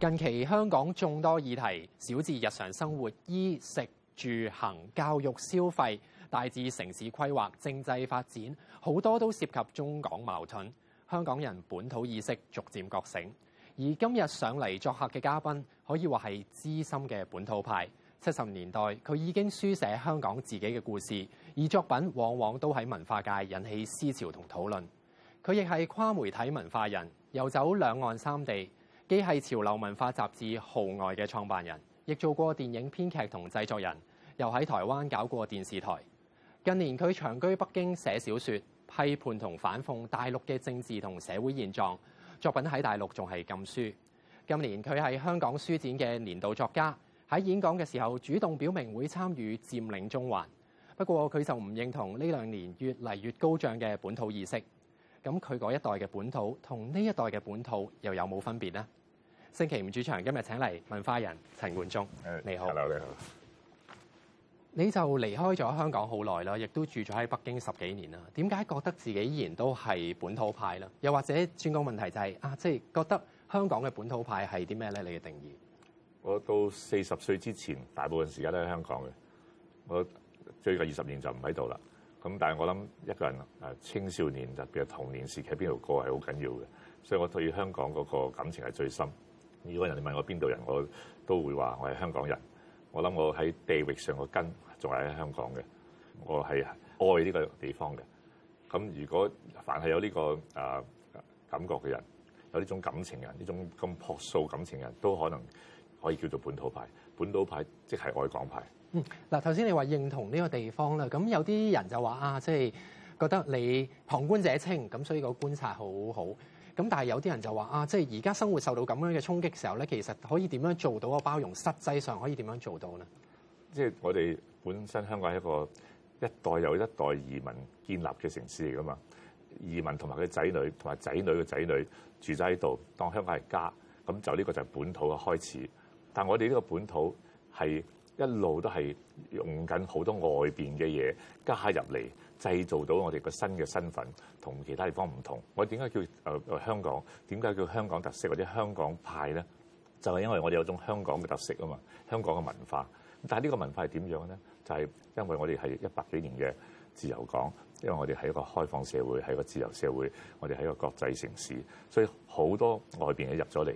近期香港眾多議題，小至日常生活、衣食住行、教育、消費，大至城市規劃、政制發展，好多都涉及中港矛盾。香港人本土意識逐漸覺醒，而今日上嚟作客嘅嘉賓可以話係資深嘅本土派。七十年代佢已經書寫香港自己嘅故事，而作品往往都喺文化界引起思潮同討論，佢亦係跨媒體文化人，遊走兩岸三地。既係潮流文化雜誌號外嘅創辦人，亦做過電影編劇同製作人，又喺台灣搞過電視台。近年佢長居北京寫小說，批判同反諷大陸嘅政治同社會現狀，作品喺大陸仲係禁書。今年佢係香港書展嘅年度作家，喺演講嘅時候主動表明會參與佔領中環。不過佢就唔認同呢兩年越嚟越高漲嘅本土意識。咁佢嗰一代嘅本土同呢一代嘅本土又有冇分別呢？星期五主場，今日請嚟文化人陳冠中。誒，你好，Hello，你好。你就離開咗香港好耐啦，亦都住咗喺北京十幾年啦。點解覺得自己依然都係本土派咧？又或者轉個問題就係啊，即係覺得香港嘅本土派係啲咩咧？你嘅定義？我到四十歲之前，大部分時間都喺香港嘅。我最近二十年就唔喺度啦。咁但係我諗一個人誒，青少年特別係童年時期邊度過係好緊要嘅，所以我對香港嗰個感情係最深。如果人哋問我邊度人，我都會話我係香港人。我諗我喺地域上個根仲喺香港嘅。我係愛呢個地方嘅。咁如果凡係有呢個啊、呃、感覺嘅人，有呢種感情人，呢種咁樸素感情人都可能可以叫做本土派。本土派即係愛港派。嗯，嗱，頭先你話認同呢個地方啦，咁有啲人就話啊，即係覺得你旁觀者清，咁所以個觀察好好。咁但係有啲人就話啊，即係而家生活受到咁樣嘅衝擊的時候咧，其實可以點樣做到個包容？實際上可以點樣做到咧？即係我哋本身香港係一個一代又一代移民建立嘅城市嚟噶嘛，移民同埋佢仔女同埋仔女嘅仔女住喺度，當香港係家，咁就呢個就係本土嘅開始。但我哋呢個本土係一路都係用緊好多外邊嘅嘢加入嚟。製造到我哋個新嘅身份同其他地方唔同。我點解叫、呃、香港？點解叫香港特色或者香港派咧？就係因為我哋有種香港嘅特色啊嘛，香港嘅文化。但係呢個文化係點樣咧？就係因為我哋係一百幾年嘅自由港，因為我哋係一個開放社會，係一個自由社會，我哋係一個國際城市，所以好多外邊嘅入咗嚟，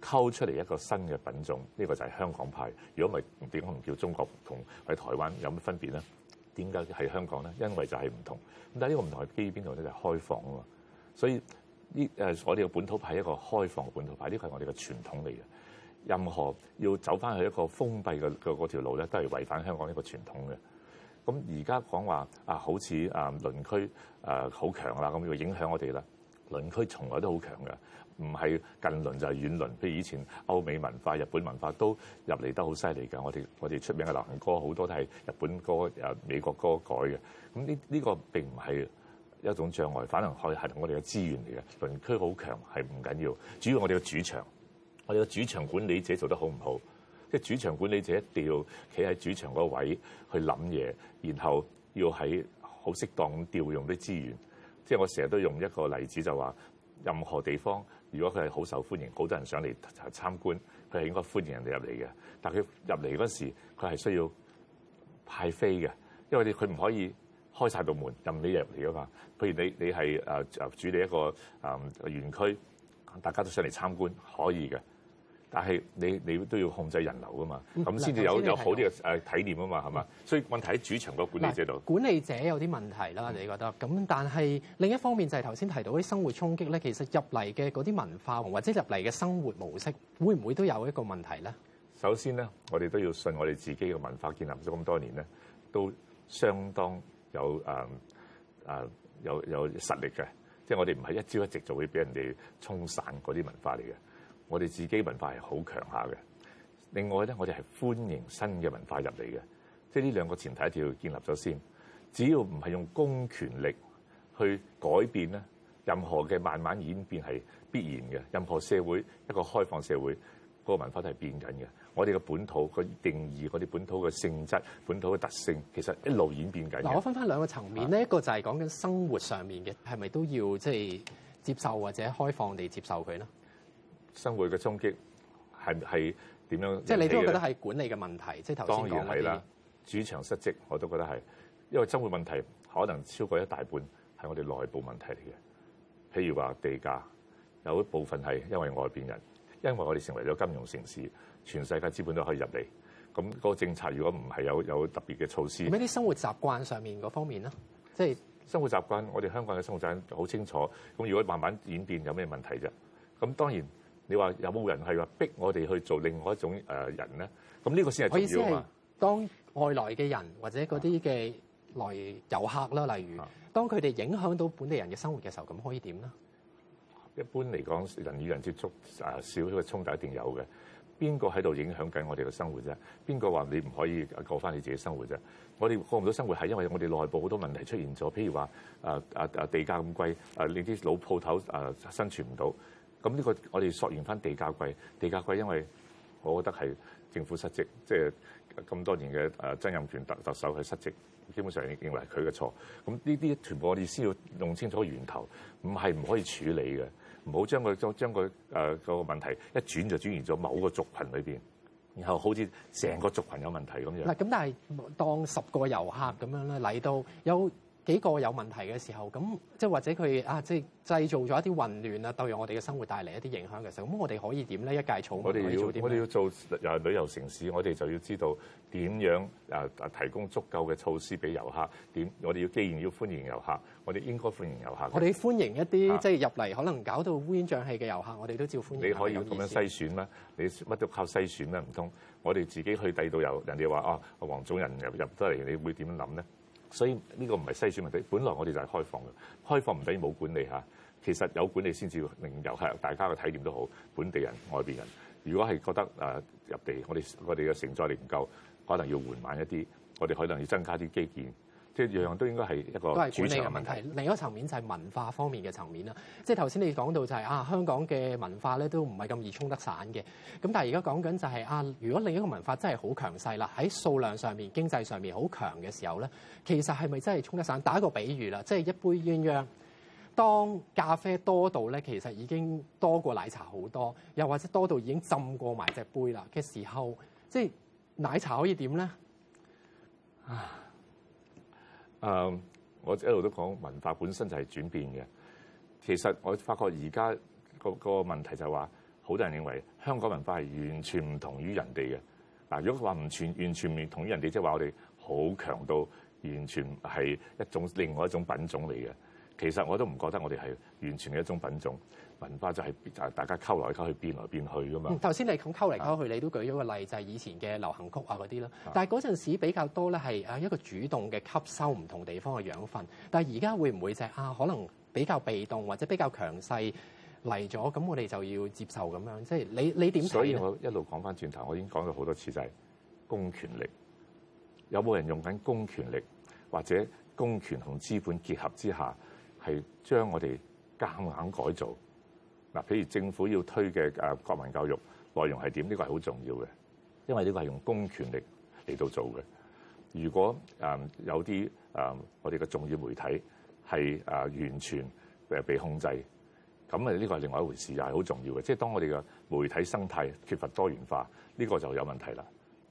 溝出嚟一個新嘅品種。呢個就係香港派。如果唔係，點可能叫中國同喺台灣有乜分別咧？點解喺香港咧？因為就係唔同。咁但係呢個唔同基於邊度咧？就係開放啊嘛。所以呢誒，我哋嘅本土派係一個開放嘅本土派，呢個係我哋嘅傳統嚟嘅。任何要走翻去一個封閉嘅嘅嗰條路咧，都係違反香港一個傳統嘅。咁而家講話啊，好似啊，鄰區誒好強啦，咁會影響我哋啦。鄰區從來都好強嘅，唔係近鄰就係遠鄰。譬如以前歐美文化、日本文化都入嚟得好犀利嘅。我哋我哋出名嘅流行歌好多都係日本歌、誒美國歌改嘅。咁呢呢個並唔係一種障礙，反而係同我哋嘅資源嚟嘅。鄰區好強係唔緊要，主要我哋嘅主場，我哋嘅主場管理者做得好唔好，即係主場管理者一定要企喺主場嗰位去諗嘢，然後要喺好適當咁調用啲資源。即係我成日都用一個例子就話、是，任何地方如果佢係好受歡迎，好多人上嚟參觀，佢係應該歡迎人哋入嚟嘅。但係佢入嚟嗰時，佢係需要派飛嘅，因為佢唔可以開晒道門任你入嚟啊嘛。譬如你你係誒誒管理一個誒園區，大家都上嚟參觀可以嘅。但係你你都要控制人流啊嘛，咁先至有有好啲嘅誒體驗啊嘛，係、嗯、嘛？所以問題喺主場個管理者度、嗯，管理者有啲問題啦，你覺得？咁、嗯、但係另一方面就係頭先提到啲生活衝擊咧、嗯，其實入嚟嘅嗰啲文化或者入嚟嘅生活模式，會唔會都有一個問題咧？首先咧，我哋都要信我哋自己嘅文化建立咗咁多年咧，都相當有誒誒、呃呃、有有實力嘅，即、就、係、是、我哋唔係一朝一夕就會俾人哋沖散嗰啲文化嚟嘅。我哋自己文化係好強下嘅。另外咧，我哋係歡迎新嘅文化入嚟嘅，即係呢兩個前提一定要建立咗先。只要唔係用公權力去改變咧，任何嘅慢慢演變係必然嘅。任何社會一個開放社會，個文化都係變緊嘅。我哋嘅本土個定義、我哋本土嘅性質，本土嘅特性，其實一路演變緊。嗱，我分翻兩個層面咧，是一個就係講緊生活上面嘅，係咪都要即係、就是、接受或者開放地接受佢咧？生活嘅衝擊係係點樣？即你都覺得係管理嘅問題，即係頭先講嗰啲。當然係啦，主場失職我都覺得係，因為生活問題可能超過一大半係我哋內部問題嚟嘅，譬如話地價有一部分係因為外邊人，因為我哋成為咗金融城市，全世界資本都可以入嚟。咁個政策如果唔係有有特別嘅措施，咁啲生活習慣上面嗰方面咧，即、就是、生活習慣，我哋香港嘅生活習慣就好清楚。咁如果慢慢演變，有咩問題啫？咁當然。你話有冇人係話逼我哋去做另外一種人咧？咁呢個先係重要啊！可以先係當外來嘅人或者嗰啲嘅來遊客啦，例如當佢哋影響到本地人嘅生活嘅時候，咁可以點咧？一般嚟講，人與人接觸少少咗嘅沖突一定有嘅。邊個喺度影響緊我哋嘅生活啫？邊個話你唔可以過翻你自己生活啫？我哋過唔到生活係因為我哋內部好多問題出現咗，譬如話地價咁貴，誒呢啲老鋪頭生存唔到。咁呢個我哋索完翻地價貴，地價貴因為我覺得係政府失職，即係咁多年嘅誒曾蔭權特特首係失職，基本上認為係佢嘅錯。咁呢啲全部我哋先要弄清楚源頭，唔係唔可以處理嘅，唔好將佢將將佢誒個問題一轉就轉移咗某個族群裏邊，然後好似成個族群有問題咁樣。嗱，咁但係當十個遊客咁樣咧，嚟到有。幾個有問題嘅時候，咁即係或者佢啊，即係製造咗一啲混亂啊，對於我哋嘅生活帶嚟一啲影響嘅時候，咁我哋可以點咧？一介草木，我哋要我哋要做遊旅遊城市，我哋就要知道點樣啊提供足夠嘅措施俾遊客。點我哋要，既然要歡迎遊客，我哋應該歡迎遊客。我哋歡迎一啲、啊、即係入嚟可能搞到烏煙瘴氣嘅遊客，我哋都照歡迎客。你可以咁樣篩選咩？你乜都靠篩選咩？唔通我哋自己去第二度遊，人哋話啊，黃種人入入得嚟，你會點諗咧？所以呢個唔係篩選問題，本來我哋就係開放嘅，開放唔等於冇管理吓，其實有管理先至要令遊客大家嘅體驗都好，本地人、外邊人。如果係覺得誒、啊、入地，我哋我哋嘅承載力唔夠，可能要緩慢一啲，我哋可能要增加啲基建。即係樣樣都應該係一個都係管理嘅問題。另一個層面就係文化方面嘅層面啦。即係頭先你講到就係、是、啊，香港嘅文化咧都唔係咁易衝得散嘅。咁但係而家講緊就係啊，如果另一個文化真係好強勢啦，喺數量上面、經濟上面好強嘅時候咧，其實係咪真係衝得散？打一個比喻啦，即、就、係、是、一杯鴛鴦，當咖啡多到咧，其實已經多過奶茶好多，又或者多到已經浸過埋隻杯啦嘅時候，即係奶茶可以點咧？啊！誒，um，我一路都講文化本身就係轉變嘅。其實我發覺而家個個問題就係話，好多人認為香港文化係完全唔同於人哋嘅。嗱，如果話唔全完全唔同於人哋，即係話我哋好強到完全係一種另外一種品種嚟嘅。其實我都唔覺得我哋係完全嘅一種品種文化，就係大家溝來溝去變來變去噶嘛。頭先你咁溝嚟溝去，你都舉咗個例，就係以前嘅流行曲啊嗰啲啦。但係嗰陣時比較多咧係一個主動嘅吸收唔同地方嘅養分，但係而家會唔會就係啊可能比較被動或者比較強勢嚟咗，咁我哋就要接受咁樣？即係你你點睇咧？所以我一路講翻轉頭，我已經講咗好多次就係公權力，有冇人用緊公權力或者公權同資本結合之下，係將我哋夾硬改造嗱，譬如政府要推嘅誒國民教育內容係點？呢個係好重要嘅，因為呢個係用公權力嚟到做嘅。如果誒有啲誒我哋嘅重要媒體係誒完全誒被控制，咁啊呢個係另外一回事，又係好重要嘅。即係當我哋嘅媒體生態缺乏多元化，呢個就有問題啦。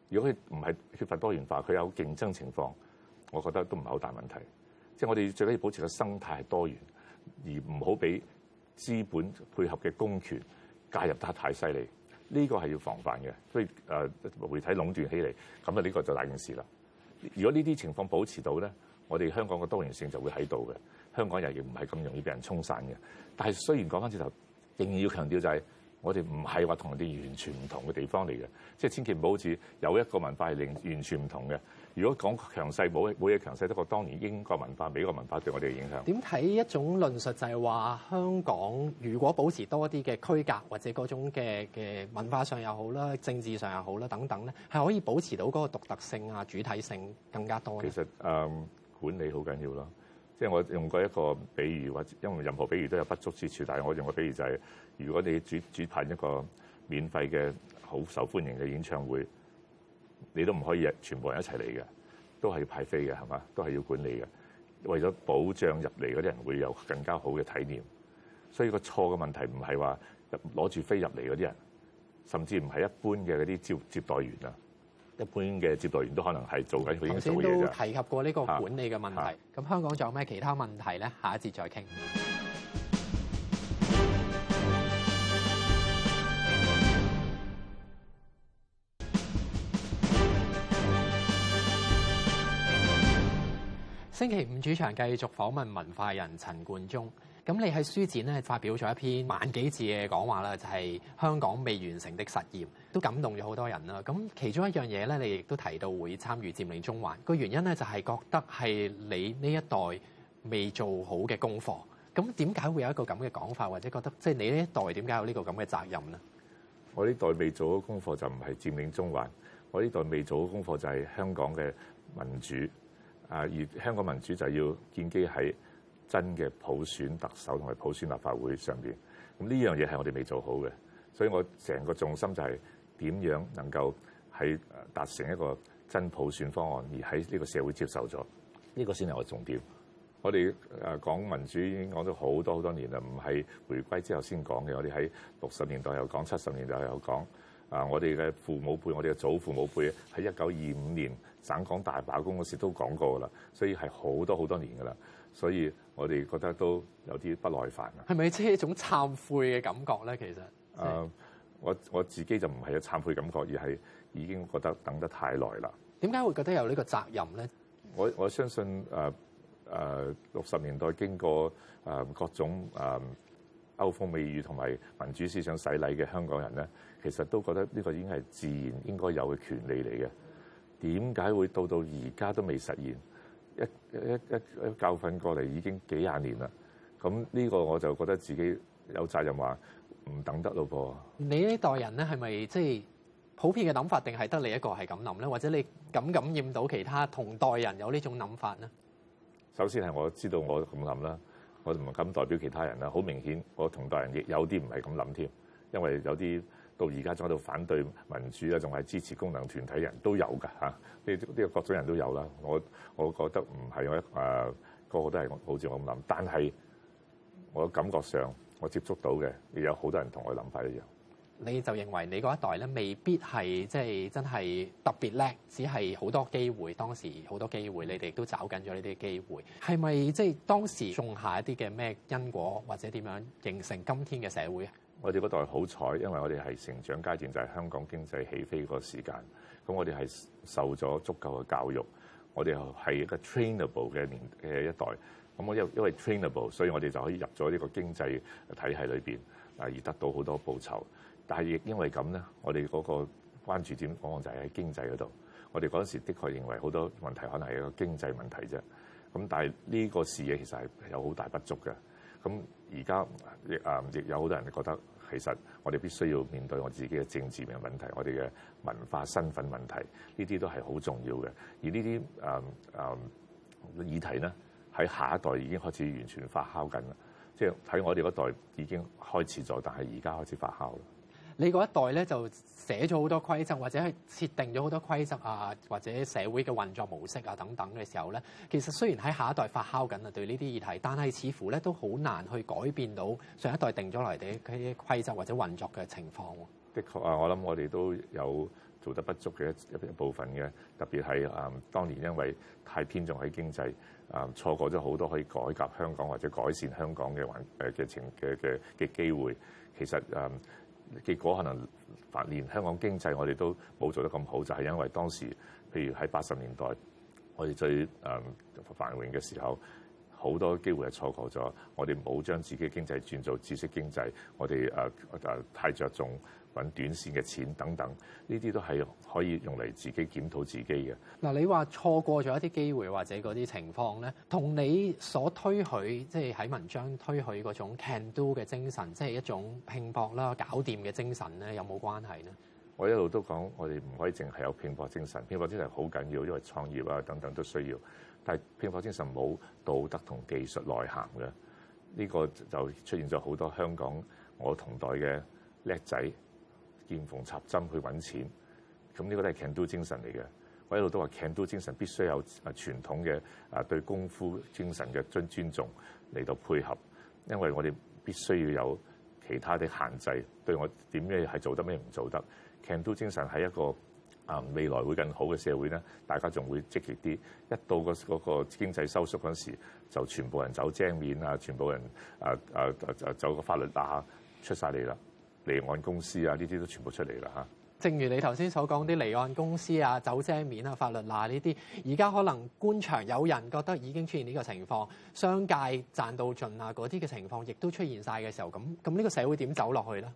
如果佢唔係缺乏多元化，佢有競爭情況，我覺得都唔係好大問題。即係我哋最緊要保持個生態係多元，而唔好俾資本配合嘅公權介入得太犀利，呢個係要防範嘅。所以誒，媒體壟斷起嚟，咁啊呢個就大件事啦。如果呢啲情況保持到咧，我哋香港嘅多元性就會喺度嘅，香港人亦唔係咁容易俾人沖散嘅。但係雖然講返轉頭，仍然要強調就係。我哋唔係話同人哋完全唔同嘅地方嚟嘅，即係千祈唔好好似有一個文化係零完全唔同嘅。如果講強勢，冇冇嘢強勢得過當年英國文化、美國文化對我哋嘅影響。點睇一種論述就係話，香港如果保持多啲嘅區隔，或者嗰種嘅嘅文化上又好啦，政治上又好啦，等等咧，係可以保持到嗰個獨特性啊、主體性更加多。其實、嗯、管理好緊要咯。即係我用過一個比喻，因為任何比喻都有不足之處，但係我用個比喻就係、是，如果你主主辦一個免費嘅好受歡迎嘅演唱會，你都唔可以全部人一齊嚟嘅，都係要派飛嘅係嘛，都係要管理嘅。為咗保障入嚟嗰啲人會有更加好嘅體驗，所以個錯嘅問題唔係話攞住飛入嚟嗰啲人，甚至唔係一般嘅嗰啲接接待員。一般嘅接待員都可能係做緊佢應做嘅嘢啫。唐生都提及過呢個管理嘅問題，咁、啊啊、香港仲有咩其他問題咧？下一節再傾。星期五主場繼續訪問文化人陳冠中。咁你喺書展咧發表咗一篇萬幾字嘅講話啦，就係香港未完成的實驗，都感動咗好多人啦。咁其中一樣嘢咧，你亦都提到會參與佔領中環，個原因咧就係覺得係你呢一代未做好嘅功課。咁點解會有一個咁嘅講法，或者覺得即係你呢一代點解有呢個咁嘅責任咧？我呢代未做嘅功課就唔係佔領中環，我呢代未做嘅功課就係香港嘅民主。啊，而香港民主就要建基喺真嘅普選特首同埋普選立法會上邊，咁呢樣嘢係我哋未做好嘅，所以我成個重心就係點樣能夠喺達成一個真普選方案，而喺呢個社會接受咗，呢個先係我的重點。我哋誒講民主已經講咗好多好多年啦，唔係回歸之後先講嘅，我哋喺六十年代又講，七十年代又講啊，我哋嘅父母輩，我哋嘅祖父母輩喺一九二五年。省港大罷工嗰時都講過啦，所以係好多好多年噶啦，所以我哋覺得都有啲不耐煩啊。係咪即係一種懺悔嘅感覺咧？其實誒、呃，我我自己就唔係有懺悔感覺，而係已經覺得等得太耐啦。點解會覺得有呢個責任咧？我我相信誒誒六十年代經過誒、呃、各種誒、呃、歐風美雨同埋民主思想洗禮嘅香港人咧，其實都覺得呢個已經係自然應該有嘅權利嚟嘅。點解會到到而家都未實現？一一一一教訓過嚟已經幾廿年啦。咁呢個我就覺得自己有責任話唔等得咯噃。你呢代人咧係咪即係普遍嘅諗法？定係得你一個係咁諗咧？或者你敢感染到其他同代人有呢種諗法咧？首先係我知道我咁諗啦，我就唔敢代表其他人啦。好明顯，我同代人亦有啲唔係咁諗添，因為有啲。到而家仲喺度反對民主啊，仲係支持功能團體的人都有㗎吓，呢啲呢個各種人都有啦。我我覺得唔係我誒、啊、個個都係好似我咁諗，但係我感覺上我接觸到嘅，亦有好多人同我諗法一樣。你就認為你嗰一代咧，未必係即係真係特別叻，只係好多機會，當時好多機會，你哋都找緊咗呢啲機會，係咪即係當時種下一啲嘅咩因果或者點樣形成今天嘅社會啊？我哋嗰代好彩，因為我哋係成長階段就係、是、香港經濟起飛嗰個時間，咁我哋係受咗足夠嘅教育，我哋係一個 trainable 嘅年嘅一代。咁我因因為 trainable，所以我哋就可以入咗呢個經濟體系裏邊，啊而得到好多報酬。但係亦因為咁咧，我哋嗰個關注點往往就係、是、喺經濟嗰度。我哋嗰陣時的確認為好多問題可能係一個經濟問題啫。咁但係呢個視野其實係有好大不足嘅。咁而家亦啊亦有好多人覺得。其實我哋必須要面對我自己嘅政治嘅問題，我哋嘅文化身份問題，呢啲都係好重要嘅。而呢啲誒誒議題呢，喺下一代已經開始完全發酵緊啦。即係喺我哋嗰代已經開始咗，但係而家開始發酵了。你嗰一代咧就寫咗好多規則，或者係設定咗好多規則啊，或者社會嘅運作模式啊等等嘅時候咧，其實雖然喺下一代發酵緊啊，對呢啲議題，但係似乎咧都好難去改變到上一代定咗嚟嘅嗰啲規則或者運作嘅情況。的確啊，我諗我哋都有做得不足嘅一一部分嘅，特別係誒，當年因為太偏重喺經濟啊，錯過咗好多可以改革香港或者改善香港嘅環誒嘅情嘅嘅嘅機會。其實誒。結果可能連香港經濟，我哋都冇做得咁好，就係因為當時，譬如喺八十年代我哋最誒繁榮嘅時候。好多機會係錯過咗，我哋冇將自己嘅經濟轉做知識經濟，我哋誒誒太着重揾短線嘅錢等等，呢啲都係可以用嚟自己檢討自己嘅。嗱，你話錯過咗一啲機會或者嗰啲情況咧，同你所推許即係喺文章推許嗰種 can do 嘅精神，即係一種拼搏啦、搞掂嘅精神咧，有冇關係咧？我一路都講，我哋唔可以淨係有拼搏精神，拼搏精神好緊要，因為創業啊等等都需要。但係拼搏精神冇道德同技術內涵嘅，呢、這個就出現咗好多香港我同代嘅叻仔，見縫插針去揾錢。咁、這、呢個都係 can-do 精神嚟嘅。我一路都話 can-do 精神必須有啊傳統嘅啊對功夫精神嘅尊尊重嚟到配合，因為我哋必須要有其他啲限制，對我點樣係做得咩唔做得。can-do 精神係一個。啊！未來會更好嘅社會咧，大家仲會積極啲。一到、嗰個嗰、嗰個經濟收縮嗰時，就全部人走精面啊，全部人啊啊啊走個法律罅出晒嚟啦，離岸公司啊呢啲都全部出嚟啦嚇。正如你頭先所講，啲離岸公司啊、走精面啊、法律罅呢啲，而家可能官場有人覺得已經出現呢個情況，商界賺到盡啊嗰啲嘅情況亦都出現晒嘅時候，咁咁呢個社會點走落去咧？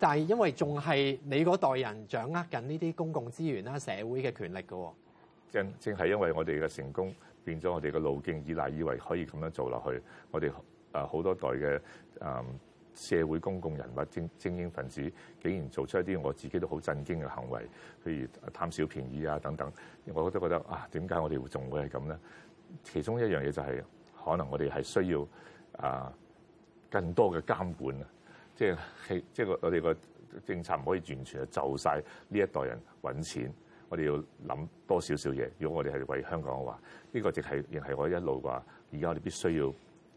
但係因為仲係你嗰代人掌握緊呢啲公共資源啦、社會嘅權力嘅喎、哦，正正係因為我哋嘅成功變咗我哋嘅路徑依賴，以為可以咁樣做落去，我哋啊好多代嘅啊、呃、社會公共人物精精英分子，竟然做出一啲我自己都好震驚嘅行為，譬如貪小便宜啊等等，我覺得覺得啊點解我哋會仲會係咁咧？其中一樣嘢就係、是、可能我哋係需要啊、呃、更多嘅監管啊。即係，即係我哋個政策唔可以完全就晒呢一代人揾錢。我哋要諗多少少嘢。如果我哋係為香港嘅話，呢個就係亦係我一路話而家我哋必須要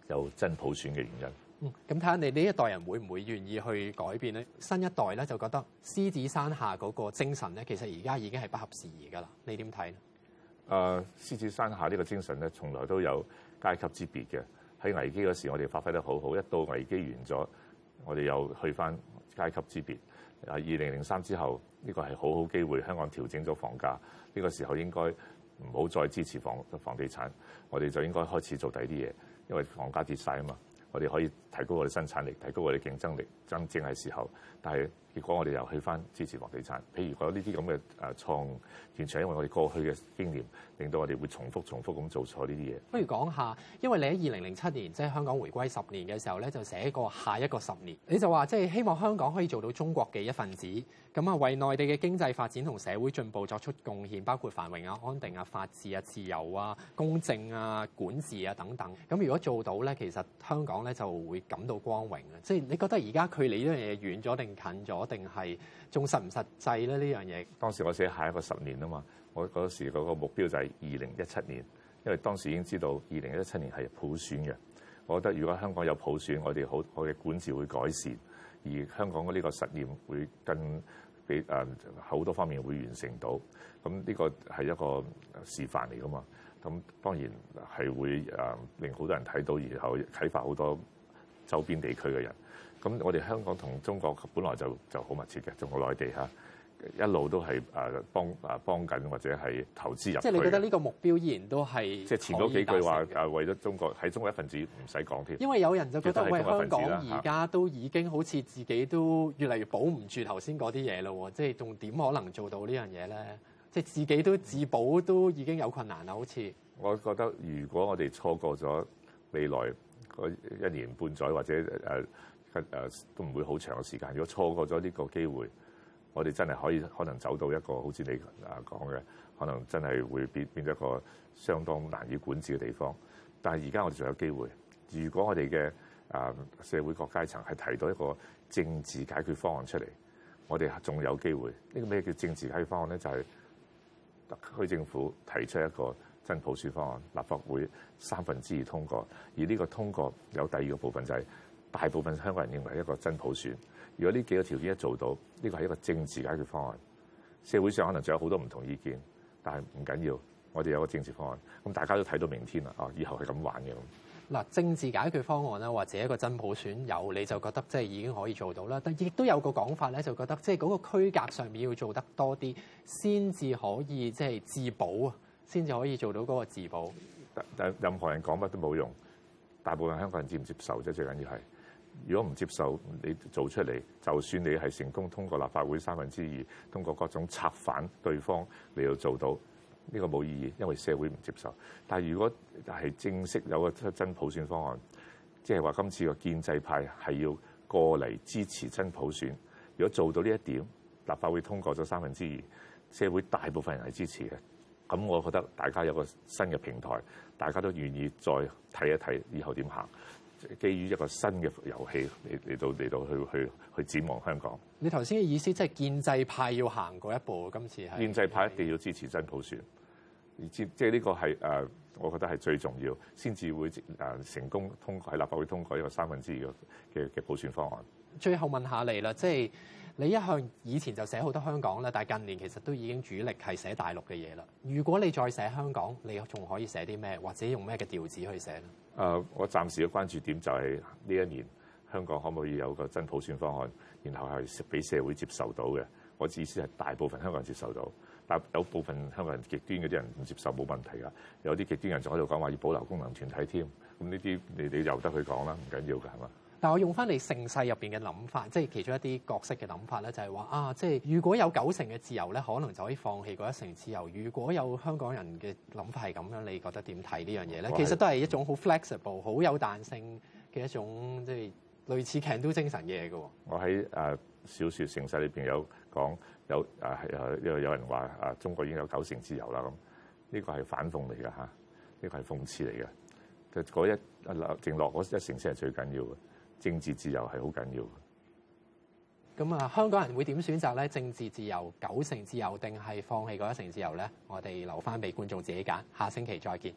有真普選嘅原因。嗯，咁睇下你呢一代人會唔會願意去改變咧？新一代咧就覺得獅子山下嗰個精神咧，其實而家已經係不合時宜㗎喇。你點睇咧？誒、呃，獅子山下呢個精神咧，從來都有階級之別嘅。喺危機嗰時，我哋發揮得好好。一到危機完咗。我哋又去翻階級之別，啊！二零零三之後呢個係好好機會，香港調整咗房價。呢個時候應該唔好再支持房房地產，我哋就應該開始做第啲嘢，因為房價跌晒啊嘛，我哋可以。提高我哋生產力，提高我哋競爭力，真正係時候。但係結果我哋又去翻支持房地產，譬如果呢啲咁嘅誒創現場，因為我哋過去嘅經驗令到我哋會重複重複咁做錯呢啲嘢。不如講下，因為你喺二零零七年即係、就是、香港回歸十年嘅時候咧，就寫個下一個十年。你就話即係希望香港可以做到中國嘅一份子，咁啊為內地嘅經濟發展同社會進步作出貢獻，包括繁榮啊、安定啊、法治啊、自由啊、公正啊、管治啊等等。咁如果做到咧，其實香港咧就會。感到光榮啊！即係你覺得而家距離呢樣嘢遠咗定近咗，定係仲實唔實際咧？呢樣嘢當時我寫下一個十年啊嘛，我嗰時嗰個目標就係二零一七年，因為當時已經知道二零一七年係普選嘅。我覺得如果香港有普選，我哋好我嘅管治會改善，而香港嘅呢個實驗會更比誒好多方面會完成到。咁呢個係一個示範嚟噶嘛。咁當然係會誒令好多人睇到，然後啟發好多。周邊地區嘅人，咁我哋香港同中國本來就就好密切嘅，中國內地嚇，一路都係誒幫誒幫緊，或者係投資入去。即係你覺得呢個目標依然都係。即係前嗰幾句話誒，為咗中國喺中國一份子唔使講添。因為有人就覺得喂，香港而家都已經好似自己都越嚟越保唔住頭先嗰啲嘢嘞，即係仲點可能做到呢樣嘢咧？即係自己都自保都已經有困難啦，好似。我覺得如果我哋錯過咗未來，一年半載或者、啊啊、都唔會好長嘅時間，如果錯過咗呢個機會，我哋真係可以可能走到一個好似你啊講嘅，可能真係會變變咗一個相當難以管治嘅地方。但係而家我哋仲有機會，如果我哋嘅啊社會各階層係提到一個政治解決方案出嚟，我哋仲有機會。呢個咩叫政治解決方案咧？就係特區政府提出一個。真普選方案，立法會三分之二通過，而呢個通過有第二個部分，就係大部分香港人認為一個真普選。如果呢幾個條件一做到，呢個係一個政治解決方案。社會上可能仲有好多唔同意見，但係唔緊要，我哋有個政治方案，咁大家都睇到明天啦。哦，以後係咁玩嘅嗱。政治解決方案啦，或者一個真普選有你就覺得即係已經可以做到啦，但亦都有個講法咧，就覺得即係嗰個區隔上面要做得多啲，先至可以即係自保啊。先至可以做到嗰個自保，但。但但任何人講乜都冇用，大部分香港人接唔接受啫。最緊要係，如果唔接受你做出嚟，就算你係成功通過立法會三分之二，通過各種策反對方，你要做到呢、呢個冇意義，因為社會唔接受。但係如果係正式有個真普選方案，即係話今次個建制派係要過嚟支持真普選，如果做到呢一點，立法會通過咗三分之二，社會大部分人係支持嘅。咁我覺得大家有個新嘅平台，大家都願意再睇一睇以後點行。基於一個新嘅遊戲嚟嚟到嚟到去去去展望香港。你頭先嘅意思即係建制派要行過一步，今次係。建制派一定要支持真普選，而之即係呢個係誒，uh, 我覺得係最重要，先至會誒成功通過喺立法會通過一個三分之二嘅嘅嘅普選方案。最後問下你啦，即係。你一向以前就寫好多香港咧，但係近年其實都已經主力係寫大陸嘅嘢啦。如果你再寫香港，你仲可以寫啲咩？或者用咩嘅調子去寫咧？Uh, 我暫時嘅關注點就係、是、呢一年香港可唔可以有個真普選方案，然後係俾社會接受到嘅。我自私係大部分香港人接受到，但有部分香港人極端嗰啲人唔接受冇問題㗎。有啲極端人仲喺度講話要保留功能團體添，咁呢啲你你由得佢講啦，唔緊要㗎，係嘛？但我用翻嚟《盛世》入面嘅諗法，即係其中一啲角色嘅諗法咧、就是，就係話啊，即係如果有九成嘅自由咧，可能就可以放棄嗰一成自由。如果有香港人嘅諗法係咁樣，你覺得點睇呢樣嘢咧？其實都係一種好 flexible、好有彈性嘅一種即係類似 can-do 精神嘅嘢嘅。我喺誒小說《盛世》裏邊有講有有人話啊，中國已經有九成自由啦。咁呢、這個係反諷嚟㗎，呢、這個係諷刺嚟嘅。就嗰、是、一正落落嗰一成先係最緊要嘅。政治自由係好緊要。咁啊，香港人會點選擇咧？政治自由九成自由，定係放棄嗰一成自由咧？我哋留翻俾觀眾自己揀。下星期再見。